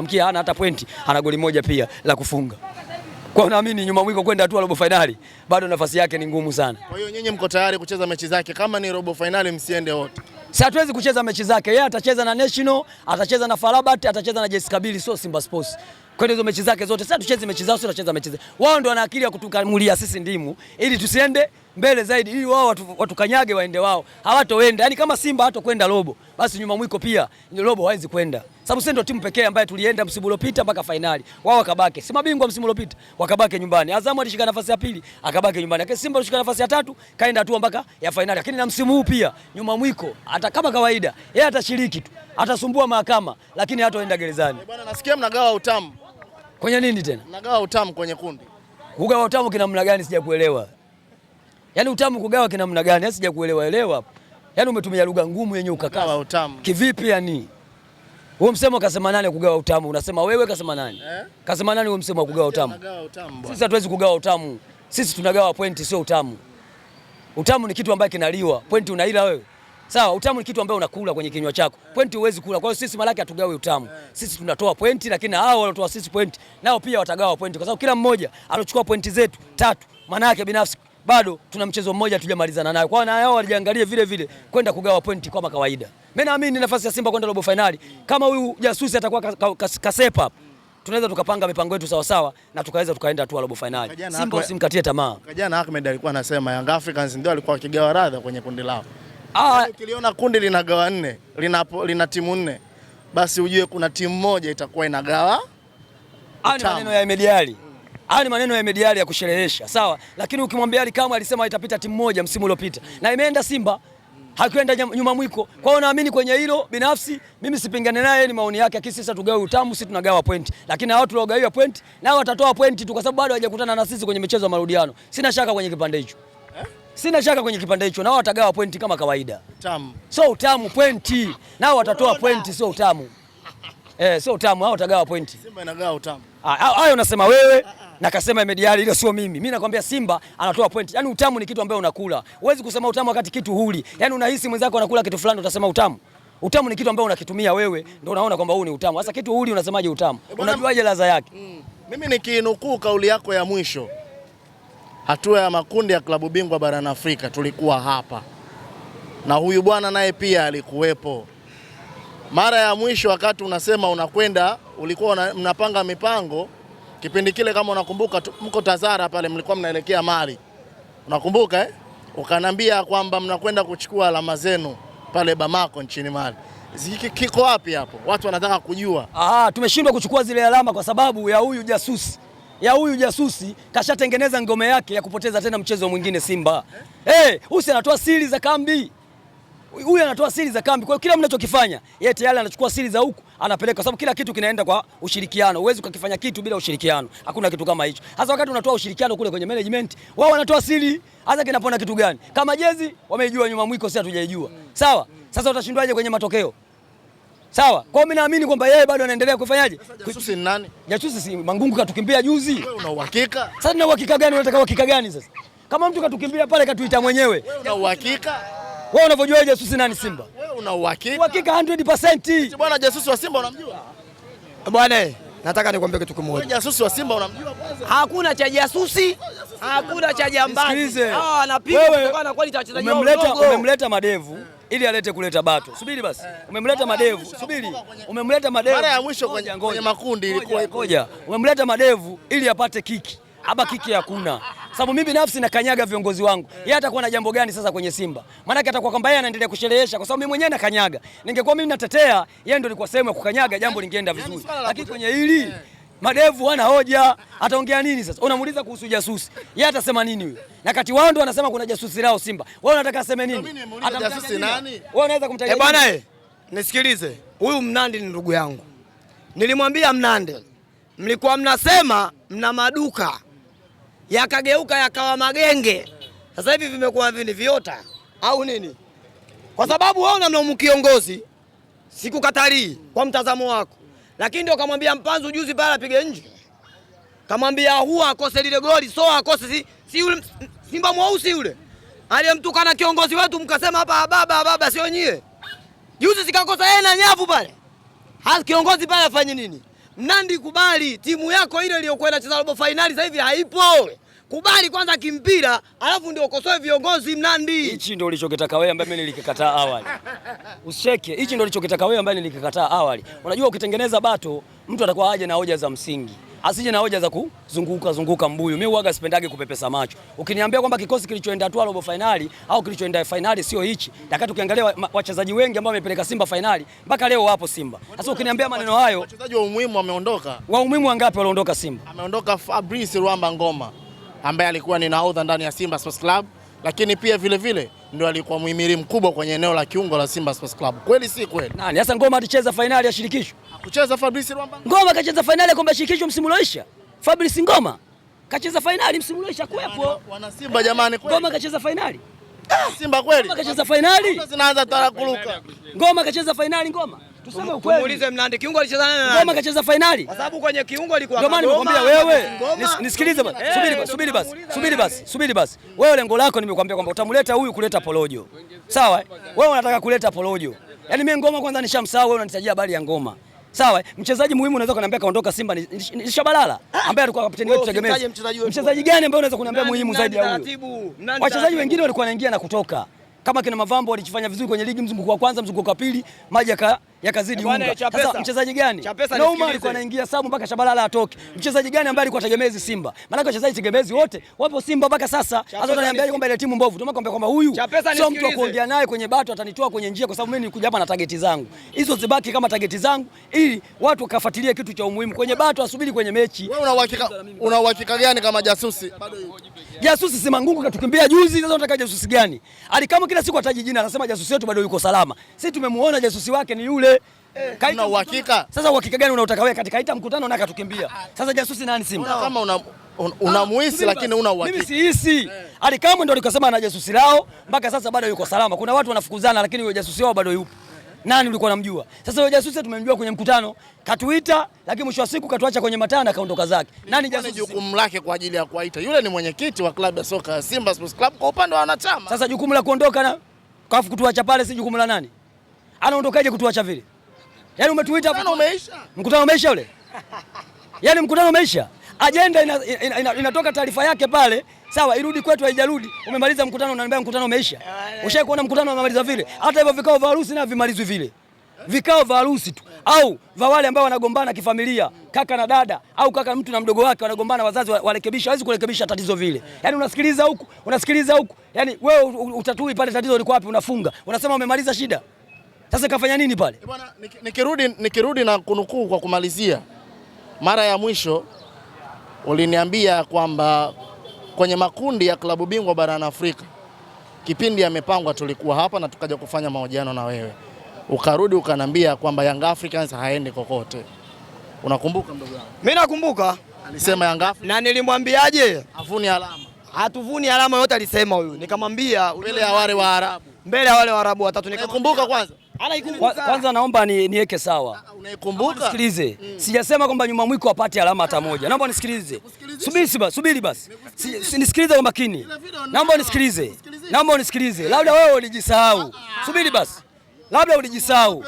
tutamkia hana hata pointi, ana goli moja pia la kufunga. Kwa naamini nyuma mwiko kwenda tu robo finali bado nafasi yake ni ngumu sana. Kwa hiyo nyinyi mko tayari kucheza mechi zake kama ni robo finali msiende wote. Sasa hatuwezi kucheza mechi zake. Yeye atacheza na National, atacheza na Farabat, atacheza na JS Kabili, sio Simba Sports. Kwenda hizo mechi zake zote. Sasa tucheze mechi zao, sio tunacheza mechi zao. Wao ndio wana akili ya kutukamulia sisi ndimu ili tusiende mbele zaidi ili wao watukanyage watu waende wao. Hawatoenda. Yaani kama Simba hatokwenda robo, basi nyuma mwiko pia robo hawezi kwenda sababu sisi ndio timu pekee ambayo tulienda msimu uliopita mpaka fainali, wao wakabaki. Si mabingwa msimu uliopita, wakabaki nyumbani. Azamu alishika nafasi ya pili, akabaki nyumbani. Lakini Simba alishika nafasi ya tatu, kaenda tu mpaka ya fainali. Lakini na msimu huu pia nyuma mwiko, hata kama kawaida, yeye atashiriki tu, atasumbua mahakama, lakini hataenda gerezani. Eh, bwana, nasikia mnagawa utamu kwenye nini tena? Mnagawa utamu kwenye kundi. Kugawa utamu kina namna gani? Sijakuelewa. Yaani utamu kugawa kina namna gani? Yaani sijakuelewa elewa. Yaani umetumia lugha ngumu yenye ukakasa. Kivipi yani? Wewe msemo kasema nani kugawa utamu? Unasema wewe kasema nani? Eh? Kasema nani wewe msemo kugawa utamu? sisi hatuwezi kugawa utamu. Sisi tunagawa pointi sio utamu. Utamu ni kitu ambacho kinaliwa. Pointi unaila wewe. Sawa, utamu ni kitu ambacho unakula kwenye kinywa chako. Pointi huwezi kula. Kwa hiyo sisi malaki hatugawi utamu. Eh. Sisi tunatoa pointi lakini hao walotoa sisi pointi nao pia watagawa pointi kwa sababu kila mmoja anachukua pointi zetu tatu. Maana yake binafsi bado tuna mchezo mmoja tujamalizana nayo. Kwa na wao walijiangalie vile vile kwenda kugawa pointi kama kawaida. Mimi naamini nafasi ya Simba kwenda robo finali, kama huyu jasusi atakuwa kasepa ka, ka, ka tunaweza tukapanga mipango yetu sawa sawa na tukaweza tukaenda tu robo finali. Simba usimkatie tamaa. Kajana Ahmed alikuwa anasema Young Africans ndio alikuwa akigawa radha kwenye kundi lao. Ah, yaani ukiliona kundi linagawa nne, lina lina timu nne, basi ujue kuna timu moja itakuwa inagawa. Ah, ni maneno ya Ahmed Ally. Hayo ni maneno ya mediali ya kusherehesha, sawa, lakini ukimwambia Ali Kamwe alisema itapita timu moja msimu uliopita na imeenda Simba hakwenda nyuma mwiko. Kwa hiyo naamini kwenye hilo binafsi mimi sipingane naye, ni maoni yake. Akisi sasa tugawe utamu, sisi tunagawa point. Lakini hao tulogawiwa point nao watatoa point tu kwa sababu bado hawajakutana na sisi kwenye michezo ya marudiano. Sina shaka kwenye kipande hicho. Eh? Sina shaka kwenye kipande hicho. Nao watagawa point kama kawaida. Utamu. So utamu point. Nao watatoa point sio utamu. Eh, sio utamu, hao watagawa point. Simba inagawa utamu. Ah, hayo unasema wewe. Ah, ah na kasema Ahmed ile sio mimi. Mimi nakwambia Simba anatoa point. Yaani utamu ni kitu ambacho unakula. Huwezi kusema utamu wakati kitu huli. Yaani unahisi mwenzako anakula kitu fulani utasema utamu. Utamu ni kitu ambacho unakitumia wewe ndio unaona kwamba huu ni utamu. Sasa kitu huli unasemaje utamu? Eh, Unajuaje ladha yake? Mm. Mimi nikinukuu kauli yako ya mwisho hatua ya makundi ya klabu bingwa barani Afrika tulikuwa hapa na huyu bwana naye pia alikuwepo. Mara ya mwisho wakati unasema unakwenda, ulikuwa una, mnapanga mipango Kipindi kile kama unakumbuka, mko Tazara pale, mlikuwa mnaelekea Mali, unakumbuka eh? Ukanambia kwamba mnakwenda kuchukua alama zenu pale Bamako nchini Mali. Ziki kiko wapi hapo? Watu wanataka kujua. Ah, tumeshindwa kuchukua zile alama kwa sababu ya huyu jasusi ya huyu jasusi kashatengeneza ngome yake ya kupoteza tena mchezo mwingine Simba. Eh, hey, usi anatoa siri za kambi huyu anatoa siri za kambi. Kwa hiyo kila mnachokifanya yeye tayari anachukua siri za huku anapeleka, kwa sababu kila kitu kinaenda kwa ushirikiano. Huwezi ukakifanya kitu bila ushirikiano, hakuna kitu kama hicho. Hasa wakati unatoa ushirikiano kule kwenye management, wao wanatoa siri. Hasa kinapona kitu gani? Kama jezi wameijua nyuma mwiko, sisi hatujaijua. Sawa, sasa utashindwaje kwenye matokeo? Sawa. Kwa hiyo mimi naamini kwamba yeye bado anaendelea kufanyaje? Jasusi ni nani? Jasusi si Mangungu katukimbia juzi. Wewe una uhakika? Sasa una uhakika gani? Unataka uhakika gani sasa? Kama mtu katukimbia pale katuita mwenyewe. Wewe una uhakika? Wewe unavyojua jasusi nani Simba? Wewe una uhakika? Uhakika 100%. Bwana jasusi wa Simba unamjua? Bwana nataka nikwambie kitu kimoja. Jasusi wa Simba unamjua Hakuna cha jasusi, hakuna cha jambazi. Hawa ah, wanapiga kutokana na quality ya wachezaji wao. Umemleta umemleta madevu ili alete kuleta bato. Subiri basi. Umemleta madevu. Subiri. Umemleta madevu. Mara ya mwisho kwenye makundi ilikuwa ikoja. Umemleta madevu ili apate kiki. Hapa kiki hakuna sababu mimi binafsi nakanyaga viongozi wangu. Eh. Yeye atakuwa na jambo gani sasa kwenye Simba? Maana atakuwa kwamba yeye anaendelea kusherehesha kwa sababu mimi mwenyewe nakanyaga. Ningekuwa mimi natetea, yeye ndio alikuwa sehemu ya kukanyaga, jambo eh, lingeenda vizuri. Lakini kwenye hili eh. madevu wana hoja, ataongea nini sasa? Unamuuliza kuhusu jasusi, yeye atasema nini huyo? Na kati wao ndio wanasema kuna jasusi lao Simba, Wewe unataka aseme nini? Jasusi nani? Wewe unaweza kumtaja Eh, bwana eh? Nisikilize, huyu Mnandi ni ndugu yangu. Nilimwambia Mnandi, mlikuwa mnasema mna maduka yakageuka yakawa magenge, sasa hivi vimekuwa vini viota au nini? Kwa sababu wewe unamlaumu kiongozi, sikukatalii kwa mtazamo wako, lakini ndio kamwambia Mpanzu juzi pale apige nje, kamwambia huwa akose lile goli, so akose si, si ule, Simba mweusi yule aliyemtukana kiongozi wetu, mkasema hapa ah, baba ah, baba, sio nyie. Juzi sikakosa yeye na nyavu pale, hasa kiongozi pale afanye nini? Mnandi, kubali timu yako ile iliyokuwa inacheza robo fainali sasa hivi haipo. Kubali kwanza kimpira, alafu ndio ukosoe viongozi. Mnandi, hichi ndio ulichokitaka wewe, ambaye mimi nilikikataa awali. Usicheke, hichi ndio ulichokitaka wewe, ambaye nilikikataa awali. Unajua ukitengeneza bato, mtu atakuwa aje na hoja za msingi asije na hoja za kuzunguka zunguka mbuyu. Mimi huaga sipendage kupepesa macho. Ukiniambia kwamba kikosi kilichoenda tu robo finali au kilichoenda finali sio hichi, lakini tukiangalia wachezaji wengi ambao wamepeleka Simba finali mpaka leo wapo Simba. Sasa ukiniambia maneno hayo, wachezaji wa umuhimu wameondoka. Wa umuhimu wangapi waliondoka Simba? Ameondoka Fabrice Ruamba Ngoma ambaye alikuwa ni nahodha ndani ya Simba Sports Club lakini pia vile vile ndio alikuwa muhimili mkubwa kwenye eneo la kiungo la Simba Sports Club. Kweli si kweli? Nani hasa Ngoma alicheza fainali ya shirikisho? Hakucheza Fabrice Rwamba. Ngoma kacheza fainali ya kombe la shirikisho msimu ulioisha. Fabrice Ngoma kacheza fainali msimu ulioisha kwepo. Wana Simba jamani kweli. Ngoma kacheza fainali. Ah! Simba kweli. Ngoma kacheza fainali. Zinaanza tarakuluka. Ngoma kacheza fainali Ngoma. Tuseme ukweli. Muulize Mnandi kiungo alicheza nani? Ngoma kacheza finali. Kwa sababu kwenye kiungo alikuwa Ngoma. Ndio nimekwambia wewe. Nisikilize basi. Eh, subiri basi, subiri basi. Subiri basi, subiri basi. Wewe lengo lako nimekwambia kwamba utamleta huyu kuleta porojo. Sawa? Wewe unataka kuleta porojo. Yaani mimi Ngoma kwanza nishamsahau wewe unanitajia habari ya Ngoma. Sawa, mchezaji muhimu unaweza kuniambia kaondoka Simba ni Shabalala ambaye alikuwa kapteni wetu tegemezi. Mchezaji gani ambaye unaweza kuniambia muhimu zaidi ya huyo? Wachezaji wengine walikuwa wanaingia na kutoka kama kina Mavambo walijifanya vizuri kwenye ligi mzunguko wa kwanza, mzunguko wa pili, maji aka yakazidi eh, unga. Sasa mchezaji gani? Nauma alikuwa anaingia sabu mpaka Shabalala atoke. Mchezaji gani ambaye alikuwa tegemezi Simba? Maana wachezaji tegemezi wote wapo Simba mpaka sasa. Sasa unaniambiaje kwamba ile timu mbovu? Ndio kwamba kwamba huyu sio mtu wa kuongea naye kwenye bato, atanitoa kwenye njia kwa sababu mimi nilikuja hapa na targeti zangu. Hizo zibaki kama targeti zangu ili watu wakafuatilia kitu cha umuhimu. Kwenye bato asubiri kwenye mechi. Wewe una uhakika una uhakika gani kama jasusi? Jasusi si mangungu katukimbia juzi, sasa unataka jasusi gani? Alikama kila siku ataji jina, anasema jasusi wetu bado yuko salama. Sisi tumemuona jasusi wake ni yule wewe. Eh, eh, una uhakika? Sasa uhakika gani unaotaka wewe katika ita mkutano na akatukimbia? Sasa jasusi nani Simba? Una Kama una unamuhisi lakini una uhakika. Mimi sihisi. Eh. Alikamwe ndio alikasema ana jasusi lao mpaka sasa bado yuko salama. Kuna watu wanafukuzana lakini yule jasusi wao bado yupo. Nani ulikuwa unamjua? Sasa yule jasusi tumemjua kwenye mkutano, katuita lakini mwisho wa siku katuacha kwenye matana akaondoka zake. Nani jasusi? Jukumu lake kwa ajili ya kuwaita. Yule ni mwenyekiti wa klabu ya soka Simba Sports Club kwa upande wa wanachama. Sasa jukumu la kuondoka na kafu kutuacha pale si jukumu la nani? anaondokaje yaani kutuacha vile? Yaani umetuita mkutano umeisha. Mkutano umeisha ule? Yaani mkutano umeisha. Ajenda inatoka ina, ina, ina taarifa yake pale, sawa, irudi kwetu haijarudi. Umemaliza mkutano unaniambia mkutano umeisha. Eh. Ushawahi kuona mkutano umemaliza vile? Hata hivyo vikao vya harusi na vimalizwi vile. Vikao vya harusi tu au vya wale ambao wanagombana kifamilia, kaka na dada au kaka mtu na mdogo wake wanagombana, wazazi warekebisha, hawezi kurekebisha tatizo vile. Yaani unasikiliza huku, unasikiliza huku. Yaani wewe utatui pale tatizo liko wapi, unafunga. Unasema umemaliza shida. Sasa kafanya nini pale? Eh, bwana, nikirudi nikirudi na kunukuu kwa kumalizia, mara ya mwisho uliniambia kwamba kwenye makundi ya klabu bingwa barani Afrika kipindi yamepangwa, tulikuwa hapa na tukaja kufanya mahojiano na wewe, ukarudi ukanambia kwamba Young Africans haendi kokote. Unakumbuka mdogo wangu? Mimi nakumbuka. Alisema Young Africans. Na nilimwambiaje? Avuni alama. Hatuvuni alama yote, alisema huyu. Nikamwambia mbele ya wale wa Arabu, mbele ya wale wa Arabu watatu. Nikakumbuka kwanza kwanza naomba niweke sawa, ah, ah, unaikumbuka? Sikilize, mm. Sijasema kwamba nyuma mwiko apate alama hata moja, naomba nisikilize. Subiri basi, nisikilize kwa makini, naomba nisikilize, naomba nisikilize. Labda wewe ulijisahau, ah, subiri basi, labda ulijisahau,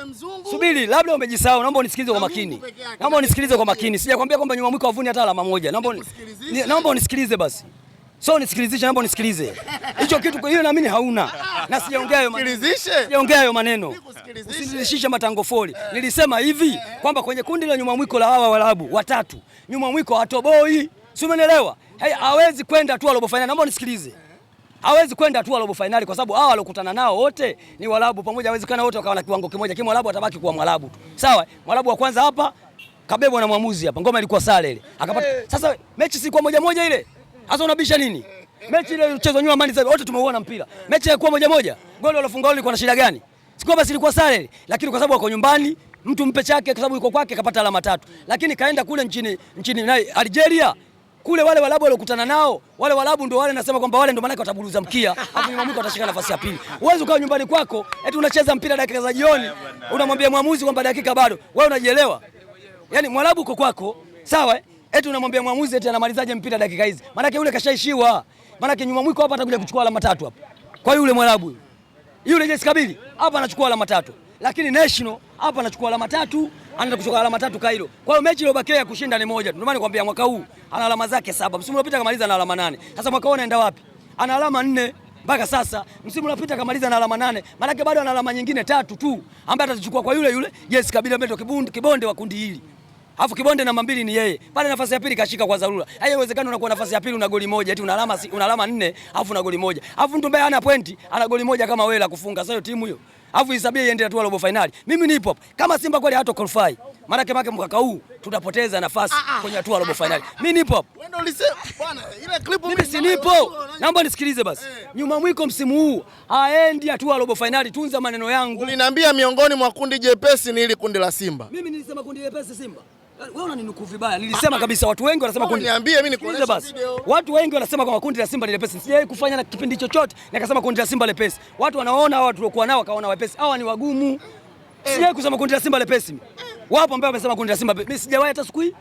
subiri, labda umejisahau. Naomba unisikilize kwa makini, naomba unisikilize kwa makini. Sijakwambia kwamba nyuma mwiko avuni hata alama moja, naomba unisikilize basi. So nisikilizishe, naomba nisikilize hicho kitu. Hiyo naamini hauna na sijaongea hayo maneno, sijaongea hayo maneno. Usinilishishe matango foli. Nilisema hivi kwamba kwenye kundi la nyuma mwiko la hawa Waarabu watatu nyuma mwiko hatoboi, si umeelewa? Hey, Hawezi kwenda tu robo finali, naomba nisikilize, hawezi kwenda tu robo finali kwa sababu hawa walokutana nao wote ni Waarabu pamoja, hawezekana wote wakawa na kiwango kimoja. Kimo Mwarabu atabaki kuwa Mwarabu tu, sawa. Mwarabu wa kwanza hapa kabebwa na mwamuzi hapa, ngoma ilikuwa sale ile akapata. Sasa mechi si kwa moja moja ile sasa unabisha nini? Mechi ile ilichezwa nyuma Amani Zaidi wote tumeuona mpira. Mechi ilikuwa moja moja. Goli walofunga wao ilikuwa na shida gani? Sikuwa basi ilikuwa sare, lakini kwa sababu wako nyumbani, mtu mpe chake kwa sababu yuko kwake kapata alama tatu. Lakini kaenda kule nchini nchini Algeria kule wale Waarabu waliokutana nao wale Waarabu ndio wale nasema kwamba wale ndio maana wataburuza mkia, alafu mwamuzi atashika nafasi ya pili. Uwezo ukawa nyumbani kwako eti unacheza mpira dakika za jioni, unamwambia mwamuzi kwamba dakika bado. Wewe unajielewa? Yaani Mwarabu uko kwako, sawa eh? Eti unamwambia mwamuzi eti anamalizaje mpira dakika hizi? Maana yake yule kashaishiwa. Maana yake nyuma mwiko hapa atakuja kuchukua alama tatu hapa. Kwa yule Mwarabu. Yule Jesse Kabili hapa anachukua alama tatu. Lakini National hapa anachukua alama tatu, anaenda kuchukua alama tatu Cairo. Kwa hiyo mechi iliyobakia ya kushinda ni moja. Ndio maana nikwambia mwaka huu ana alama zake saba. Msimu uliopita kamaliza na alama nane. Sasa mwaka huu anaenda wapi? Ana alama nne mpaka sasa. Msimu uliopita kamaliza na alama nane. Maana yake bado ana alama nyingine tatu tu ambaye atazichukua kwa yule yule Jesse Kabili ambaye ndio kibonde wa kundi hili. Alafu kibonde namba mbili ni yeye. Pale nafasi ya pili kashika kwa dharura. Haiwezekani unakuwa nafasi ya pili una goli moja eti una alama una alama nne, alafu una goli moja. Alafu mtu mbaya hana pointi, ana goli moja kama wewe la kufunga. Sasa hiyo timu hiyo. Alafu isabie iende tu robo finali. Mimi nipo hapa. Kama Simba kweli hata qualify. Maana kama mkaka huu tutapoteza nafasi ah, ah. kwenye hatua robo finali. Mimi nipo hapa. Wewe ndio ulisema bwana, ile clip mimi si nipo. Naomba nisikilize basi. Eh. Nyuma mwiko msimu huu haendi hatua robo finali. Tunza maneno yangu. Uliniambia miongoni mwa kundi jepesi ni ile kundi la Simba. Mimi nilisema kundi jepesi Simba. Wewe unaninukuu vibaya. Nilisema kabisa watu wengi wanasema kundi. Niambie mimi nikuoneshe video. Watu wengi wanasema kwa kundi la Simba ni lepesi. Sijawahi kufanya na kipindi chochote nikasema kundi la Simba lepesi. Watu wanaona hawa tuliokuwa nao wakaona wepesi. Hawa ni wagumu. Eh. Sijawahi kusema kundi la Simba lepesi. Eh. Wapo ambao wamesema kundi la Simba. Mimi sijawahi hata siku hii.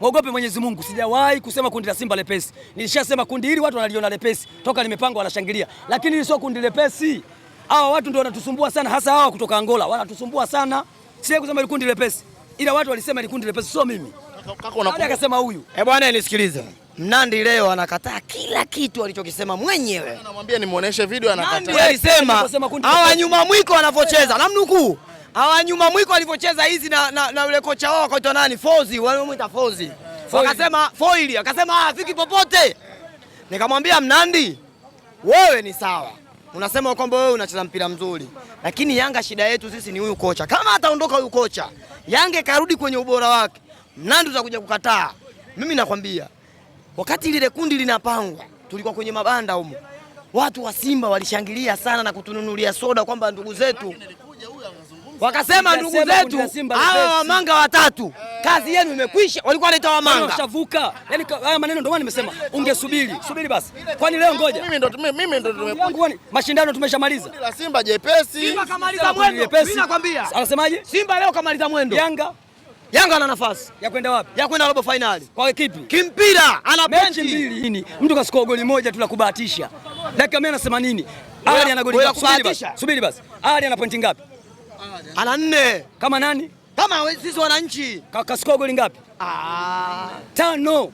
Mwogope Mwenyezi Mungu, sijawahi kusema kundi la Simba lepesi. Nilishasema kundi hili watu wanaliona lepesi toka limepangwa, wanashangilia, lakini hili sio kundi lepesi. Hawa watu ndio wanatusumbua sana, hasa hawa kutoka Angola wanatusumbua sana. Sijawahi kusema kundi lepesi ila watu walisema ni kundi la pesa, sio mimi. Kaka akasema huyu. Eh bwana, nisikilize. Mnandi leo anakataa kila kitu alichokisema mwenyewe. Anamwambia nimuoneshe video, anakataa. Alisema hawa nyuma mwiko wanavyocheza, eh. namnukuu hawa nyuma mwiko walivyocheza hizi na, na, na yule kocha wao akaitwa nani? Fozi, wanamuita Fozi. Eh. Akasema foili, akasema ah, fiki popote. Nikamwambia Mnandi, wewe ni sawa unasema kwamba wewe unacheza mpira mzuri, lakini Yanga shida yetu sisi ni huyu kocha. Kama ataondoka huyu kocha Yanga karudi kwenye ubora wake, Mnandi utakuja kukataa. Mimi nakwambia, wakati lile kundi linapangwa, tulikuwa kwenye mabanda humo, watu wa Simba walishangilia sana na kutununulia soda kwamba ndugu zetu wakasema ndugu zetu hawa wamanga watatu kazi yenu imekwisha. Walikuwa wanaita wamanga ushavuka. Yani haya maneno ndio maana nimesema ungesubiri subiri basi, kwani leo ngoja. Mimi ndo mimi ndo tumekuwa mashindano tumeshamaliza. La Simba jepesi, Simba kamaliza mwendo. Mimi nakwambia, anasemaje? Simba leo kamaliza mwendo. Yanga Yanga ana nafasi ya kwenda wapi? Ya kwenda robo finali. Kwa kipi? Kimpira, ana mechi mbili. Nini? Mtu kasikoa goli moja tu la kubahatisha. Dakika 180. Ali ana goli la kubahatisha. Subiri basi. Ali ana pointi ngapi? ana nne kama nani? Kama sisi wananchi. Kasikoa goli ngapi? Ah, tano.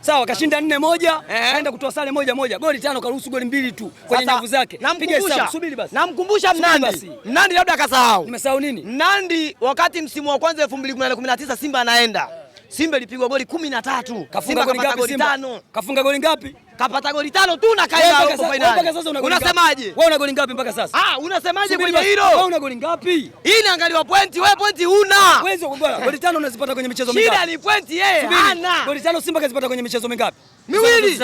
Sawa, kashinda nne moja, eh. kaenda kutoa sare moja moja, goli tano, karuhusu goli mbili tu kwenye nyavu zake. Piga hesabu, subiri basi. Namkumbusha Mnandi. Mnandi labda akasahau. Nimesahau nini? Mnandi wakati msimu wa kwanza 2019 Simba anaenda. Simba ilipigwa goli 13. Kafunga goli ngapi Simba? Kafunga goli ngapi? kapata goli tano tu na kaenda huko finali. Unasemaje? Wewe una goli ngapi mpaka sasa? Ah, unasemaje kwenye hilo? Wewe una goli ngapi? Hii inaangaliwa pointi, wewe pointi una. Uwezo kugola. Goli tano unazipata kwenye michezo mingapi? Shida ni pointi yeye. Hana. Goli tano Simba kazipata kwenye michezo mingapi? Miwili.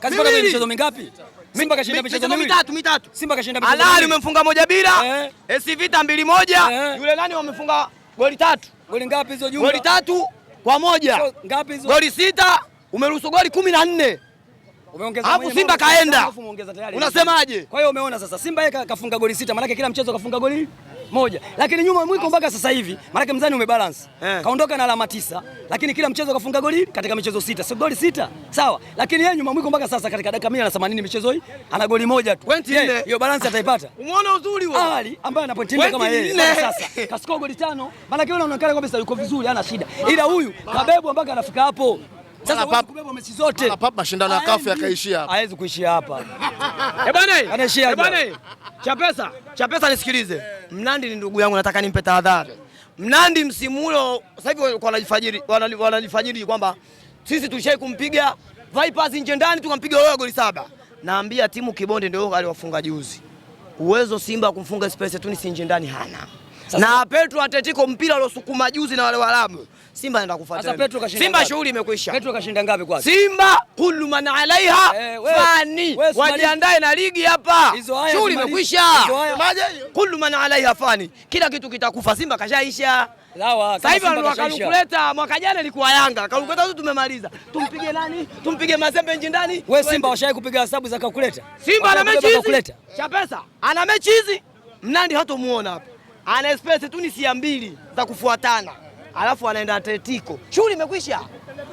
Kazipata kwenye michezo mingapi? Simba kashinda michezo miwili. Mitatu, mitatu. Simba kashinda michezo miwili. Alali umemfunga moja bila. Eh. SC Vita mbili moja. Eh. Yule nani wamefunga goli tatu. Goli ngapi hizo jumla? Goli tatu kwa moja. Goli sita umeruhusu goli kumi na nne. Alafu Simba kaenda. Unasemaje? Kwa hiyo umeona sasa Simba yeye kafunga goli sita, maana kila mchezo kafunga goli moja. Lakini nyuma mwiko mpaka sasa hivi, maanake mzani umebalance. Eh. Kaondoka na alama tisa, lakini kila mchezo kafunga goli katika michezo sita. Sio goli sita. Sawa. Lakini yeye nyuma mwiko mpaka sasa katika dakika 180 michezo hii ana goli moja tu. Hiyo balance ataipata. Umeona uzuri wao. Ali ambaye ana point kama yeye sasa. Kasiko goli tano, maanake yeye anaonekana kabisa yuko vizuri, hana shida. Ila huyu kabebu mpaka anafika hapo. Sasa kubeba mechi zote. Hapa mashindano ya kafu yakaishia hapa. Haezi kuishia hapa. Eh bwana, anaishia hapa. Eh, Chapesa, Chapesa nisikilize. Eh. Mnandi ni ndugu yangu nataka nimpe tahadhari. Mnandi msimu huo sasa hivi wanajifajiri wanajifajiri kwamba sisi tulishai kumpiga Vipers nje ndani tukampiga wao goli saba. Naambia timu Kibonde ndio aliwafunga juzi. Uwezo Simba kumfunga Space tu ni nje ndani hana na Petro Atletico mpira uliosukuma juzi na wale Waarabu. Simba anaenda kufuata. Sasa Petro kashinda. Simba shughuli imekwisha. Petro kashinda ngapi kwa? Simba kullu man alaiha e, fani. Wajiandae na ligi hapa. Shughuli imekwisha. Kullu man alaiha fani. Kila kitu kitakufa. Simba kashaisha. Sasa hivi wakalukuleta mwaka jana ilikuwa Yanga. Kalukuleta tu tumemaliza. Tumpige nani? Tumpige Mazembe nje ndani. Wewe Simba washawahi kupiga hesabu za kalkuleta? Simba ana mechi hizi. Cha pesa. Ana mechi hizi. Mnandi hatomuona hapa ana expect tu ni sia mbili za kufuatana, alafu anaenda Atletico, shughuli imekwisha.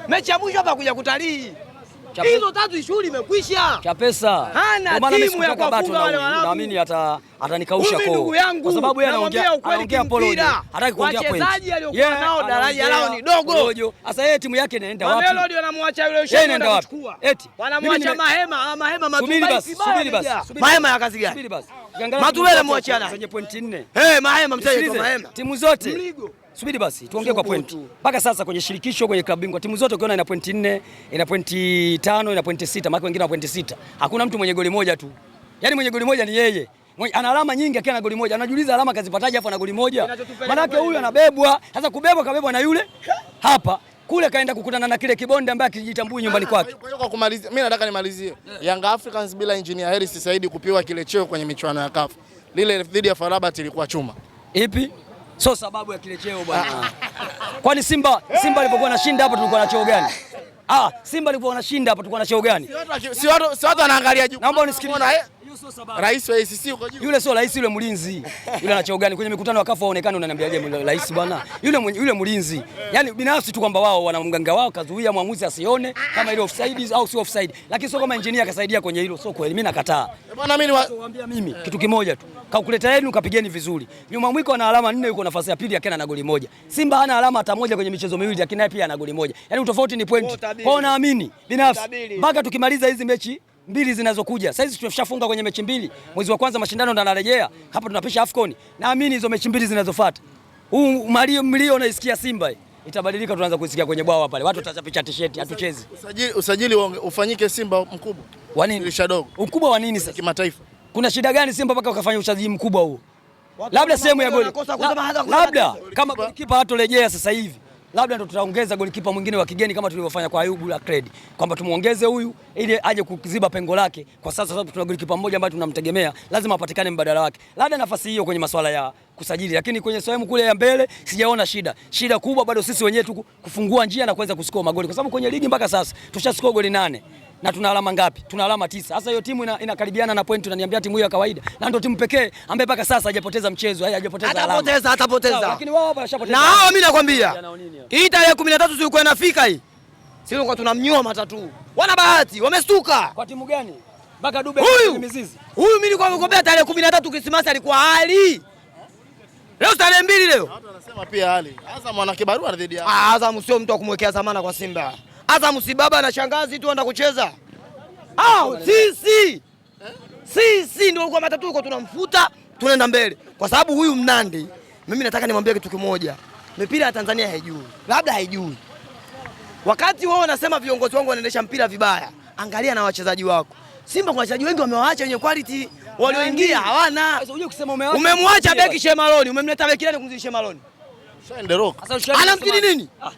Mechi ya mwisho hapa kuja kutalii hizo tatu, shughuli imekwisha. pesa. hana timu ya kufunga wale Waarabu. Naamini ata atanikausha kwa ndugu yangu, kwa sababu yeye anaongea ukweli kimpira, hataki kuongea kweli. Wachezaji aliokuwa nao daraja lao ni dogo. Sasa yeye timu yake inaenda wapi? Mamelodi wanamwacha yule ushauri anaenda wapi? Eti wanamwacha mahema, ah, mahema basi. Subiri basi, mahema ya kazi gani? Subiri basi, Matubele muachiana kwenye point 4. Eh, mahema mtaje kwa mahema, timu zote Subiri basi tuongee kwa point. Mpaka sasa kwenye shirikisho, kwenye klabu bingwa timu zote ukiona ina pointi 4, ina pointi 5, ina pointi 6, maana wengine wana pointi 6. Hakuna mtu mwenye goli moja tu. Yaani mwenye goli moja ni yeye. Ana alama nyingi akiwa na goli moja. Anajiuliza alama kazipataje afu ana goli moja. Maana yake huyu anabebwa. Sasa kubebwa kabebwa na yule hapa kule kaenda kukutana na kile kibonde ambaye akijitambui nyumbani ah, kwake. Kwa hiyo kwa kumalizia, mimi nataka nimalizie Young Africans bila Engineer Hersi Said kupewa kile cheo kwenye michuano ya CAF. Lile dhidi ya Farabat ilikuwa chuma. Ipi? sio sababu ya kile cheo bwana. Kwani Simba Simba alipokuwa anashinda hapa tulikuwa na cheo gani? Ah, Simba alipokuwa anashinda hapa tulikuwa na cheo gani? Si watu si watu wanaangalia juu. Naomba unisikilize. Eh? Rais wa ACC uko juu. Yule sio rais, yule mlinzi. Yule ana cheo gani? Kwenye mikutano ya kafu haonekani, unaniambiaje rais bwana? Yule yule mlinzi. Yaani binafsi tu kwamba wao wana mganga wao kazuia mwamuzi asione kama ile offside au sio offside. Lakini sio kama engineer akasaidia kwenye hilo, sio kweli. Mimi nakataa. Bwana mimi niwaambia mimi kitu kimoja tu. Kaukuleta yenu kapigeni vizuri. Nyuma mwiko ana alama nne, yuko nafasi ya pili yake na goli moja. Simba hana alama hata moja kwenye michezo miwili, lakini naye pia ana goli moja. Yaani utofauti ni point. Kwao naamini binafsi mpaka tukimaliza hizi mechi mbili zinazokuja. Sasa hizi tumeshafunga kwenye mechi mbili, mwezi wa kwanza mashindano ndo yanarejea hapa, tunapisha AFCON. Naamini hizo mechi mbili zinazofuata, huu mlio mlio unaisikia Simba itabadilika, tunaanza kusikia kwenye bwawa pale, watu watachapisha t-shirt hatuchezi. Usajili, usajili ufanyike Simba mkubwa wa nini? Ukubwa wa nini sasa kimataifa? Kuna shida gani Simba mpaka ukafanya usajili mkubwa huo? Labda sehemu ya goli, labda kama kipa hatorejea sasa hivi labda ndo tutaongeza golikipa mwingine wa kigeni kama tulivyofanya kwa Ayubu la Credi, kwamba tumuongeze huyu ili aje kuziba pengo lake kwa sasa, sababu tuna golikipa mmoja ambaye tunamtegemea, lazima apatikane mbadala wake, labda nafasi hiyo kwenye masuala ya kusajili, lakini kwenye sehemu kule ya mbele sijaona shida. Shida kubwa bado sisi wenyewe tu kufungua njia na kuweza kuskoa magoli, kwa sababu kwenye ligi mpaka sasa tushaskoa goli nane na tuna alama ngapi? Tuna alama tisa. Sasa hiyo timu inakaribiana ina, inakaribiana na point, unaniambia timu hiyo ya kawaida, na ndio timu pekee ambaye mpaka sasa hajapoteza mchezo, hajapoteza alama. Atapoteza, atapoteza. Lakini wao hapa washapoteza. Na hao mimi nakwambia. Hii tarehe 13 kwa inafika hii. Sio kwa tunamnyoa matatu. Wana bahati, wamestuka. Kwa timu gani? Mpaka Dube huyu mizizi. Huyu mimi nilikuwa nimekombea tarehe 13 Krismasi alikuwa hali. Leo tarehe mbili leo. Watu wanasema pia hali. Azam ana kibarua dhidi yao. Ah, Azam sio mtu wa kumwekea zamana kwa Simba. Azam si baba na shangazi tu anda kucheza ah, au sisi sisi ndio kwa matatuko tunamfuta, tunaenda mbele, kwa sababu huyu Mnandi, mimi nataka nimwambie kitu kimoja, mipira ya Tanzania haijui, labda haijui. Wakati wao wanasema viongozi wangu wanaendesha mpira vibaya, angalia na wachezaji wako Simba. Kuna wachezaji wengi wamewaacha wenye quality, walioingia yaani, hawana. Umemwacha beki yaani, Shemaloni, umemleta beki nani kumzidi Shemaloni? Sasa anamzidi nini? Ah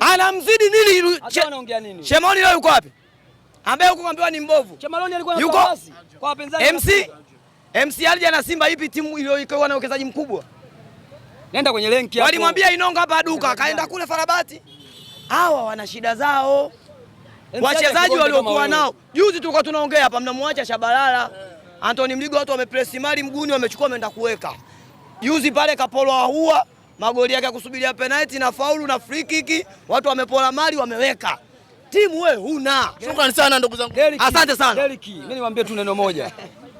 anamzidi nini? Chemaloni leo yuko wapi? ambaye huko kwambiwa ni mbovu yuko MC MC alija na Simba, ipi timu iliyokuwa na uwekezaji mkubwa? Nenda kwenye lenki hapo. Walimwambia Inonga hapa duka, akaenda kule Farabati. Hawa wana shida zao, wachezaji waliokuwa nao. Juzi tulikuwa tunaongea hapa, mnamwacha Shabalala, Anthony Mligo, watu wamepresi mali mguni wamechukua wameenda kuweka. Juzi pale kapolo ahua magoli yake ya kusubiria penalti na faulu na free kick, watu wamepola mali wameweka timu, wewe huna. Shukrani sana ndugu zangu, asante sana. Mimi niwaambie tu neno moja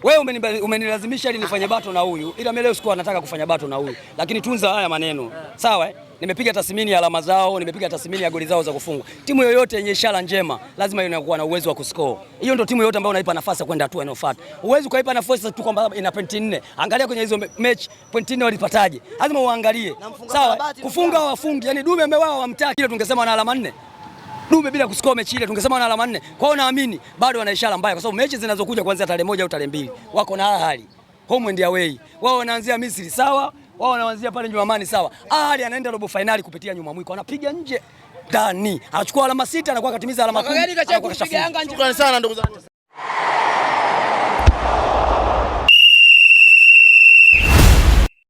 wewe umenilazimisha ili nifanye bato na huyu, ila mimi leo sikuwa nataka kufanya bato na huyu, lakini tunza haya maneno sawa. Eh? Nimepiga tathmini ya alama zao, nimepiga tathmini ya goli zao za kufunga. Timu yoyote yenye ishara njema lazima inakuwa na uwezo wa kuscore. Hiyo ndio timu yoyote ambayo unaipa nafasi ya kwenda hatua inayofuata. Uwezo ukaipa nafasi tu kwamba ina pointi nne. Angalia kwenye hizo mechi pointi nne walipataje? Lazima uangalie. Sawa, kufunga wafungi. yani dume wao wamtaki ile tungesema na alama nne dume bila kusikoa mechi ile, tungesema na alama nne. Kwa hiyo naamini bado wana ishara mbaya, kwa sababu mechi zinazokuja kuanzia tarehe moja au tarehe mbili wako na hali home and away, wao wanaanzia Misri sawa, wao wanaanzia pale Jumamani sawa. Ahali anaenda robo fainali kupitia Nyumamwiko, anapiga nje ndani, anachukua alama sita, anakuwa katimiza alama kumi. Shukrani sana ndugu zangu.